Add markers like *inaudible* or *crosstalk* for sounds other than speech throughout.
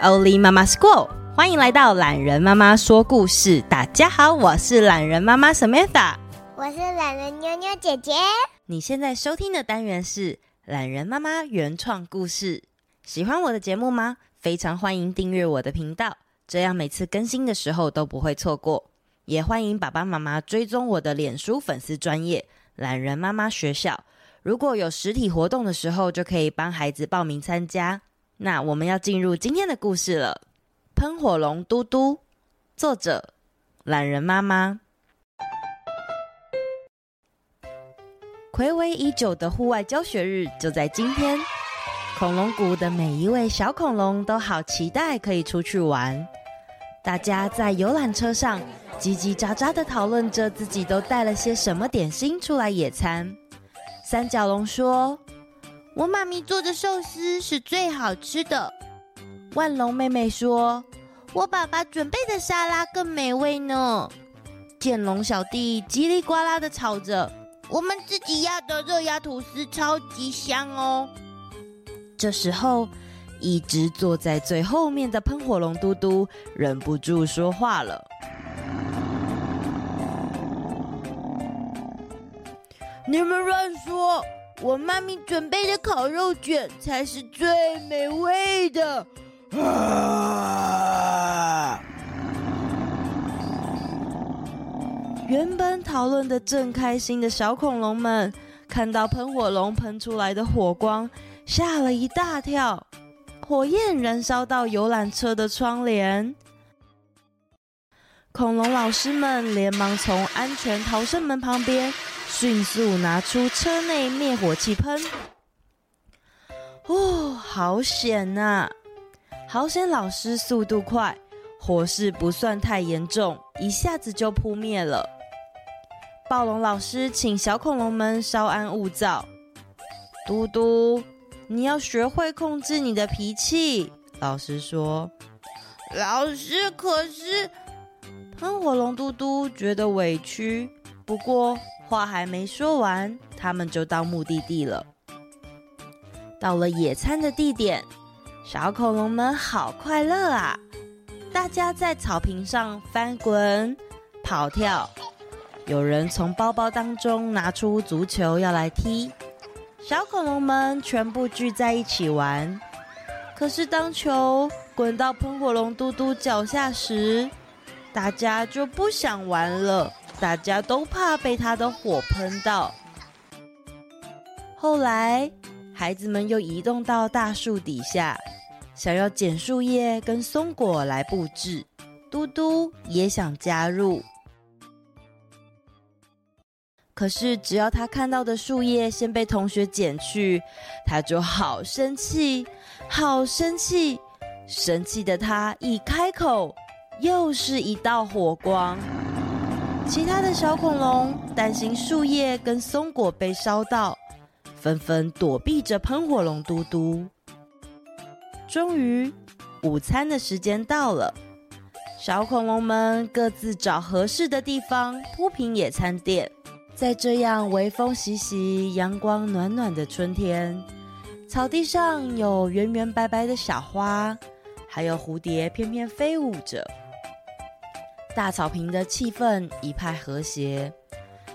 Olimama School，歡迎來到欖仁媽媽說故事。大家好，我是欖仁媽媽 Samantha，我是欖仁妞妞姐姐。你現在收聽的單元是欖仁媽媽原創故事。喜歡我的節目嗎？非常歡迎訂閱我的頻道，這樣每次更新的時候都不會錯過。也歡迎爸爸媽媽追蹤我的臉書粉絲專頁欖仁媽媽學校，如果有實體活動的時候，就可以幫孩子報名參加。那我們要進入今天的故事了，《噴火龍嘟嘟》，作者：欖仁媽媽。睽違已久的戶外教學日就在今天，恐龍谷的每一位小恐龍都好期待可以出去玩。大家在遊覽車上嘰嘰喳喳的討論着自己都帶了些什麼點心出來野餐。三角龍說。我媽咪做的壽司是最好吃的。腕龍妹妹說：“我爸爸準備的沙拉更美味呢。”劍龍小弟嘰里呱啦的吵着：“我們自己壓的熱壓吐司超級香哦。”這時候，一直坐在最後面的噴火龍嘟嘟忍不住說話了：“你們亂說！”我媽咪準備的烤肉捲才是最美味的。原本討論得正開心的小恐龍們，看到噴火龍噴出來的火光，嚇了一大跳。火焰燃燒到遊覽車的窗簾，恐龍老師們連忙從安全逃生門旁邊迅速拿出車內滅火器噴。哦，好險吶、啊！好險，老師速度快，火勢不算太嚴重，一下子就撲滅了。暴龍老師請小恐龍們稍安勿躁。嘟嘟，你要學會控制你的脾氣。老師說。老師，可是噴火龍嘟嘟覺得委屈。不過。話還沒說完，他們就到目的地了。到了野餐的地點，小恐龍們好快樂啊！大家在草坪上翻滾、跑跳，有人從包包當中拿出足球要來踢。小恐龍們全部聚在一起玩，可是當球滾到噴火龍嘟嘟腳下時，大家就不想玩了。大家都怕被他的火噴到。後來，孩子們又移動到大樹底下，想要撿樹葉跟松果來佈置。嘟嘟也想加入，可是只要他看到的樹葉先被同學撿去，他就好生氣，好生氣！生氣的他一開口，又是一道火光。其他的小恐龍擔心樹葉跟松果被燒到，紛紛躲避着噴火龍嘟嘟。終於，午餐的時間到了，小恐龍們各自找合適的地方鋪平野餐墊。在這樣微風習習、陽光暖暖的春天，草地上有圓圓白白的小花，還有蝴蝶翩翩翩飛舞着。大草坪的氣氛一派和諧，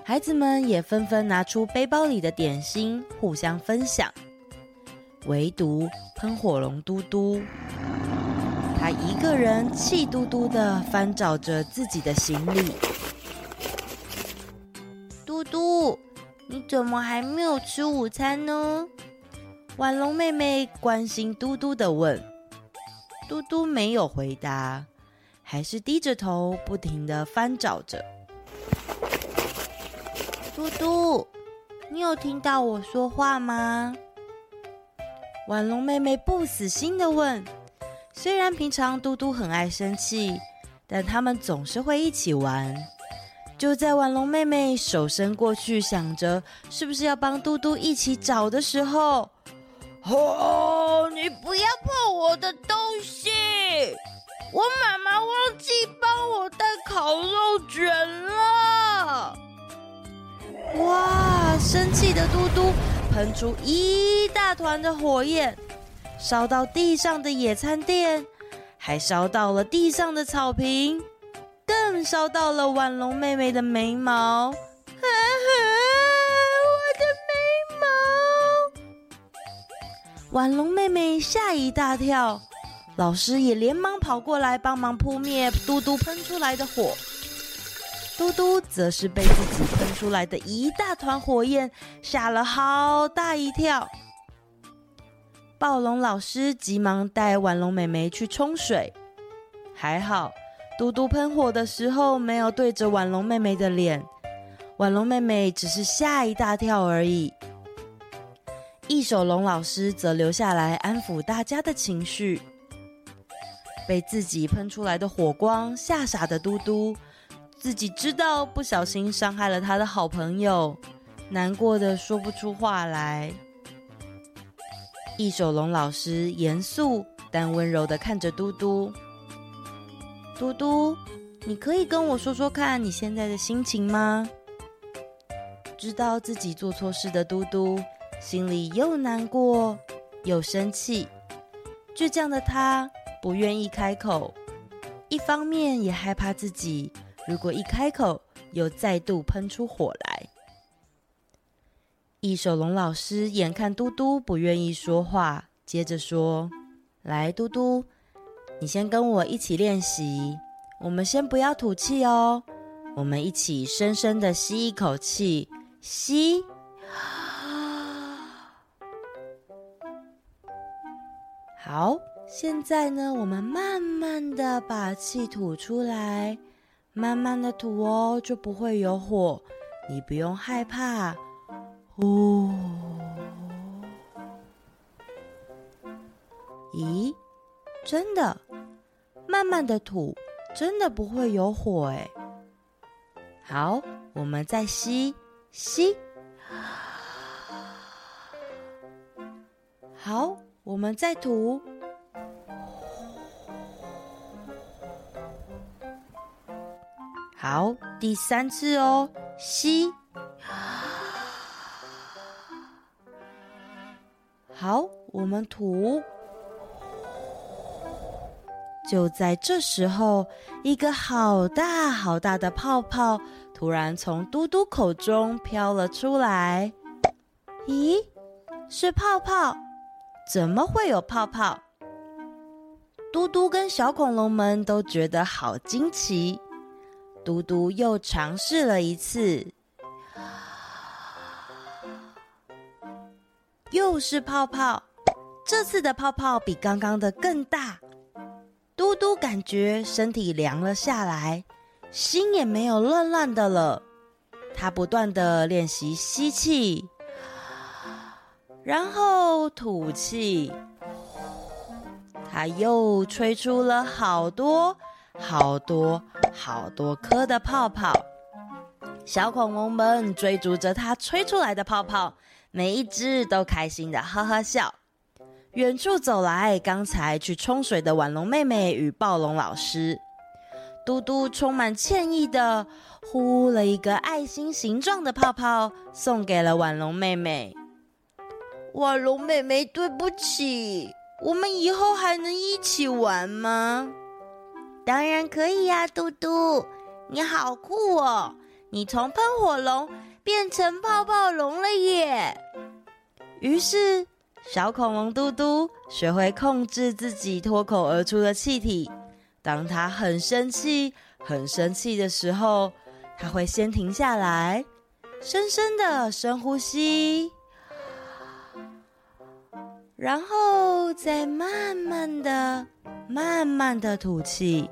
孩子們也紛紛拿出背包裡的點心互相分享。唯獨噴火龍嘟嘟，他一個人氣嘟嘟地翻找着自己的行李。嘟嘟，你怎麼還沒有吃午餐呢？婉龍妹妹關心嘟嘟地問。嘟嘟沒有回答。還是低着頭，不停的翻找着。嘟嘟，你有聽到我說話嗎？婉龍妹妹不死心的問。雖然平常嘟嘟很愛生氣，但他們總是會一起玩。就在婉龍妹妹手伸過去，想着是不是要幫嘟嘟一起找的時候，哦，你不要碰我的東西！我媽媽忘記幫我帶烤肉卷了！哇，生氣的嘟嘟噴出一大團的火焰，燒到地上的野餐墊，還燒到了地上的草坪，更燒到了婉龍妹妹的眉毛。 *laughs* 我的眉毛！婉龍妹妹嚇一大跳。老師也連忙跑過來幫忙撲滅嘟嘟噴出來的火，嘟嘟則是被自己噴出來的一大團火焰，嚇了好大一跳。暴龍老師急忙帶婉龍妹妹去沖水，還好嘟嘟噴火的時候沒有對着婉龍妹妹的臉，婉龍妹妹只是嚇一大跳而已。翼手龍老師則留下來安撫大家的情緒。被自己噴出來的火光嚇傻的嘟嘟，自己知道不小心傷害了他的好朋友，難過的說不出話來。 *laughs* 翼手龍老師嚴肅但溫柔的看着嘟嘟：“ *laughs* 嘟嘟，你可以跟我說說看你現在的心情嗎？” *laughs* 知道自己做錯事的嘟嘟，心裡又難過又生氣，倔強的他。不願意開口，一方面也害怕自己如果一開口又再度噴出火來。翼手龍老師眼看嘟嘟不願意說話，接着說：“來，嘟嘟，你先跟我一起練習，我們先不要吐氣哦，我們一起深深的吸一口氣，吸，好。”現在呢，我們慢慢的把氣吐出來，慢慢的吐哦，就不會有火，你不用害怕。呼。咦，真的，慢慢的吐，真的不會有火哎。好，我們再吸吸，好，我們再吐。好，第三次哦，吸，好，我們吐。就在這時候，一個好大好大的泡泡突然從嘟嘟口中飄了出來。咦，是泡泡？怎麼會有泡泡？嘟嘟跟小恐龍們都覺得好驚奇。嘟嘟又嘗試了一次，又是泡泡。這次的泡泡比剛剛的更大。嘟嘟感覺身體涼了下來，心也沒有亂亂的了。他不斷的練習吸氣，然後吐氣，他又吹出了好多好多。好多顆的泡泡，小恐龍們追逐着它吹出來的泡泡，每一隻都開心的哈哈笑。遠處走來，剛才去沖水的腕龍妹妹與暴龍老師，嘟嘟充滿歉意的呼了一個愛心形狀的泡泡，送給了腕龍妹妹。腕龍妹妹，對不起，我們以後還能一起玩嗎？當然可以呀，嘟嘟，你好酷哦！你從噴火龍變成泡泡龍了耶！於是，小恐龍嘟嘟學會控制自己脫口而出的氣體。當他很生氣、很生氣的時候，他會先停下來，深深的深呼吸，然後再慢慢的。慢慢的吐氣，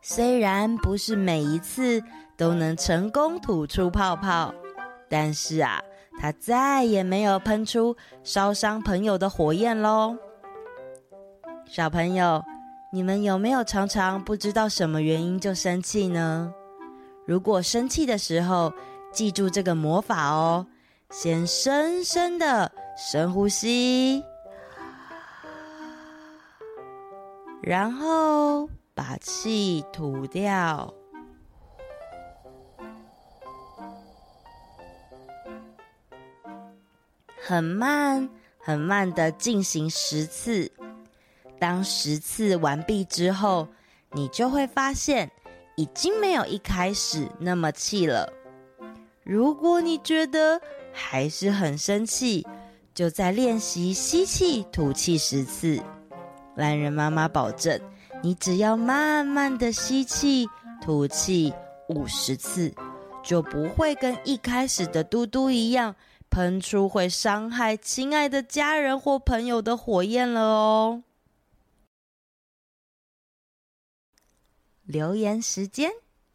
雖然不是每一次都能成功吐出泡泡，但是啊，它再也沒有噴出燒傷朋友的火焰嘍。小朋友，你們有沒有常常不知道什麼原因就生氣呢？如果生氣的時候，記住這個魔法哦，先深深的深呼吸。然後把氣吐掉，很慢、很慢的進行十次。當十次完畢之後，你就會發現已經沒有一開始那麼氣了。如果你覺得還是很生氣，就再練習吸氣、吐氣十次。欖仁媽媽保證，你只要慢慢的吸氣、吐氣五十次，就不會跟一開始的嘟嘟一樣，噴出會傷害親愛的家人或朋友的火焰了哦。留言時間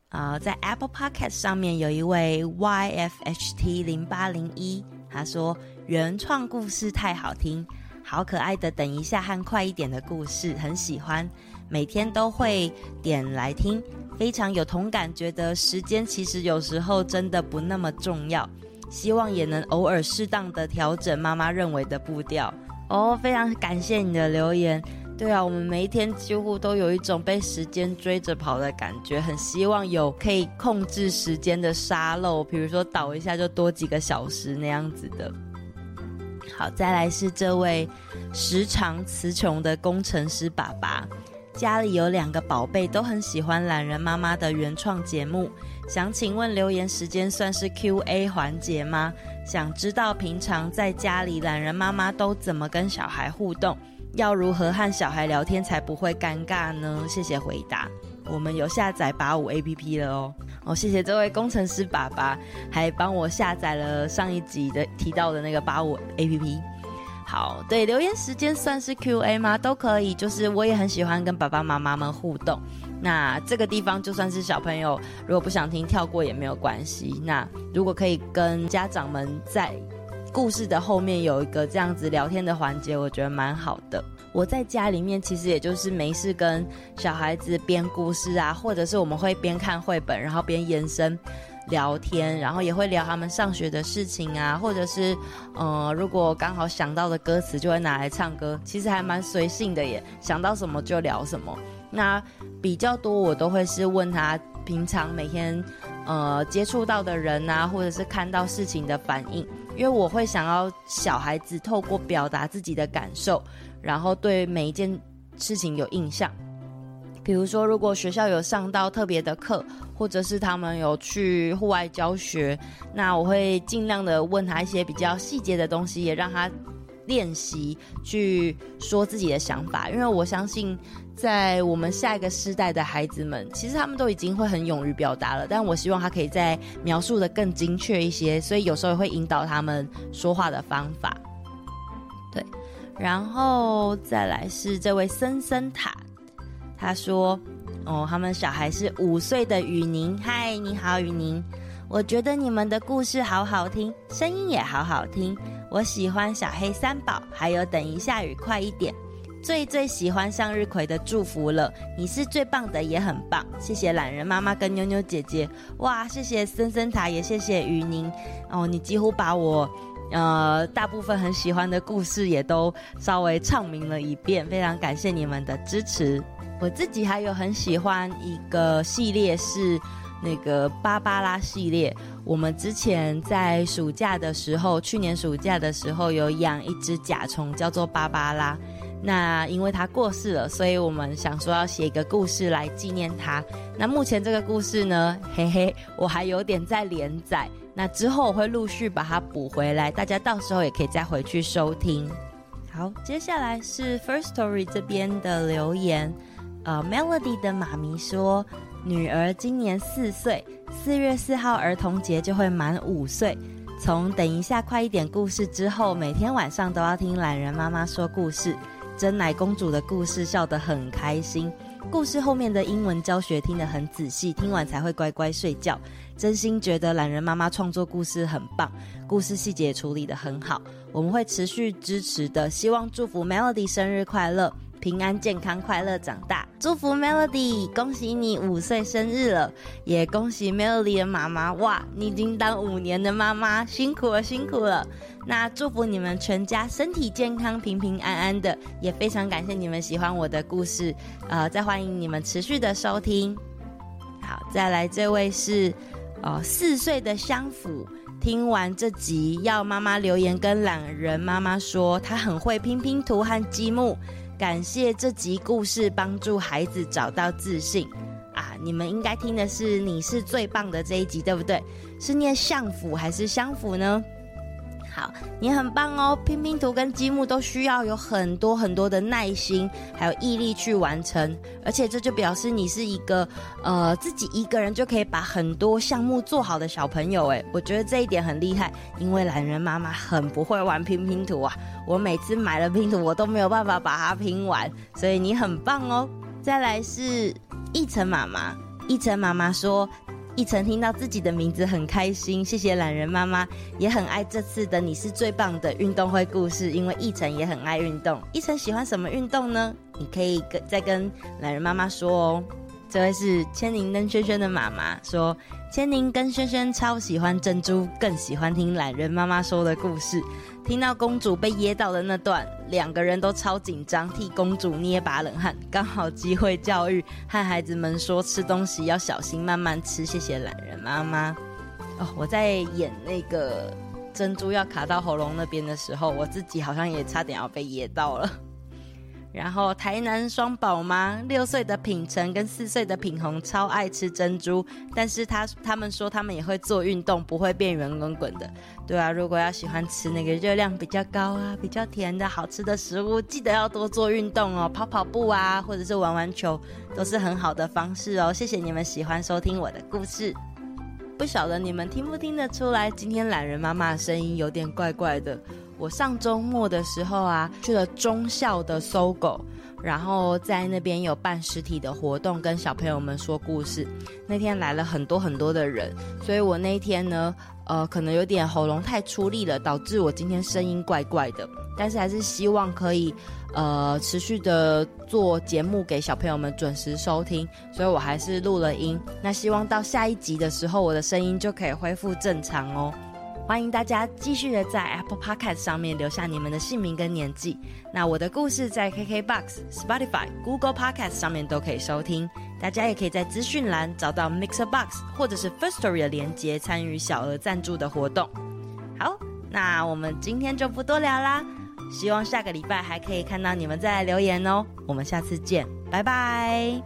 啊、哦，在 Apple Podcast 上面有一位 YFHT 零八零一，他說原創故事太好聽。好可愛的「等一下」和「快一點」的故事，很喜歡，每天都會點來聽，非常有同感。覺得時間其實有時候真的不那麼重要，希望也能偶爾適當的調整媽媽認為的步調。哦，非常感謝你的留言。對啊，我們每一天幾乎都有一種被時間追着跑的感覺，很希望有可以控制時間的沙漏，比如說倒一下就多幾個小時那樣子的。好，再來是這位時常詞窮的工程師爸爸，家裡有兩個寶貝，都很喜歡欖仁媽媽的原創節目。想請問，留言時間算是 Q&A 環節嗎？想知道平常在家裡欖仁媽媽都怎麼跟小孩互動，要如何和小孩聊天才不會尷尬呢？謝謝回答。我們有下載八五 APP 了哦，哦，謝謝這位工程師爸爸，還幫我下載了上一集的提到的那個八五 APP。好，對，留言時間算是 QA 嗎？都可以，就是我也很喜歡跟爸爸媽媽們互動。那這個地方就算是小朋友如果不想聽跳過也沒有關係。那如果可以跟家長們在故事的後面有一個這樣子聊天的環節，我覺得蠻好的。我在家裡面其實也就是沒事跟小孩子編故事啊，或者是我們會邊看繪本，然後邊延伸聊天，然後也會聊他們上學的事情啊，或者是，呃，如果剛好想到的歌詞就會拿來唱歌，其實還蠻隨性的耶。想到什麼就聊什麼。那比較多我都會是問他平常每天。呃、嗯，接觸到的人吶、啊，或者是看到事情的反應，因為我會想要小孩子透過表達自己的感受，然後對每一件事情有印象。比如說，如果學校有上到特別的課，或者是他們有去戶外教學，那我會盡量的問他一些比較細節的東西，也讓他練習去說自己的想法，因為我相信。在我們下一個世代的孩子們，其實他們都已經會很勇於表達了，但我希望他可以再描述的更精確一些，所以有時候也會引導他們說話的方法。對，然後再來是這位森森塔，他說，哦，他們小孩是五歲的雨寧，嗨，你好雨寧，我覺得你們的故事好好聽，聲音也好好聽，我喜歡小黑三寶，還有等一下雨快一點。最最喜歡向日葵的祝福了，你是最棒的，也很棒。謝謝欖仁媽媽跟妞妞姐姐，哇，謝謝森森塔，也謝謝於寧，哦，你幾乎把我，呃，大部分很喜歡的故事也都稍微唱名了一遍，非常感謝你們的支持。我自己還有很喜歡一個系列是那個芭芭拉系列，我們之前在暑假的時候，去年暑假的時候有養一隻甲蟲，叫做芭芭拉。那因為他過世了，所以我們想說要寫一個故事來紀念他。那目前這個故事呢，嘿嘿，我還有點在連載。那之後我會陸續把它補回來，大家到時候也可以再回去收聽。好，接下來是 Firstory 這邊的留言。呃，uh，Melody 的媽咪說，女兒今年四歲，四月四號兒童節就會滿五歲。從等一下快一點故事之後，每天晚上都要聽欖仁媽媽說故事。珍奶公主的故事笑得很開心，故事後面的英文教學聽得很仔細，聽完才會乖乖睡覺。真心覺得欖仁媽媽創作故事很棒，故事細節處理得很好，我們會持續支持的。希望祝福 Melody 生日快樂！平安、健康、快樂長大，祝福 Melody，恭喜你五歲生日了，也恭喜 Melody 的媽媽，哇，你已經當五年的媽媽，辛苦了，辛苦了。那祝福你們全家身體健康、平平安安的，也非常感謝你們喜歡我的故事，呃，再歡迎你們持續的收聽。好，再來這位是，呃，四歲的相府。聽完這集要媽媽留言跟欖仁媽媽說，她很會拼拼圖和積木。感謝這集故事幫助孩子找到自信啊！你們應該聽的是“你是最棒的”這一集，對不對？是念“相輔”還是“相輔”呢？好，你很棒哦！拼拼圖跟積木都需要有很多很多的耐心，還有毅力去完成，而且這就表示你是一個呃自己一個人就可以把很多項目做好的小朋友誒，我覺得這一點很厲害，因為欖仁媽媽很不會玩拼拼圖啊，我每次買了拼圖我都沒有辦法把它拼完，所以你很棒哦。再來是一晨媽媽，一晨媽媽說。奕晨聽到自己的名字很開心，謝謝欖仁媽媽，也很愛這次的你是最棒的運動會故事，因為奕晨也很愛運動。奕晨喜歡什麼運動呢？你可以跟再跟欖仁媽媽說哦。這位是千寧跟萱萱的媽媽說，千寧跟萱萱超喜歡珍珠，更喜歡聽欖仁媽媽說的故事。聽到公主被噎到的那段，兩個人都超緊張，替公主捏把冷汗。剛好機會教育和孩子們說，吃東西要小心，慢慢吃。謝謝欖仁媽媽。哦，我在演那個珍珠要卡到喉嚨那邊的時候，我自己好像也差點要被噎到了。然後台南雙寶媽六歲的品成跟四歲的品紅超愛吃珍珠，但是他他們說他們也會做運動，不會變圓滾滾的。對啊，如果要喜歡吃那個熱量比較高啊、比較甜的好吃的食物，記得要多做運動哦，跑跑步啊，或者是玩玩球，都是很好的方式哦。謝謝你們喜歡收聽我的故事，不曉得你們聽不聽得出來，今天欖仁媽媽的聲音有點怪怪的。我上週末的時候啊，去了忠孝的 SOGO，然後在那邊有辦實體的活動，跟小朋友們說故事。那天來了很多很多的人，所以我那天呢，呃，可能有點喉嚨太出力了，導致我今天聲音怪怪的。但是還是希望可以，呃，持續的做節目給小朋友們準時收聽。所以我還是錄了音。那希望到下一集的時候，我的聲音就可以恢復正常哦。歡迎大家繼續的在 Apple Podcast 上面留下你們的姓名跟年紀。那我的故事在 KK Box、Spotify、Google Podcast 上面都可以收聽。大家也可以在資訊欄找到 Mixer Box 或者是 Firstory 的連接，參與小額贊助的活動。好，那我們今天就不多聊啦。希望下個禮拜還可以看到你們再來留言哦。我們下次見，拜拜。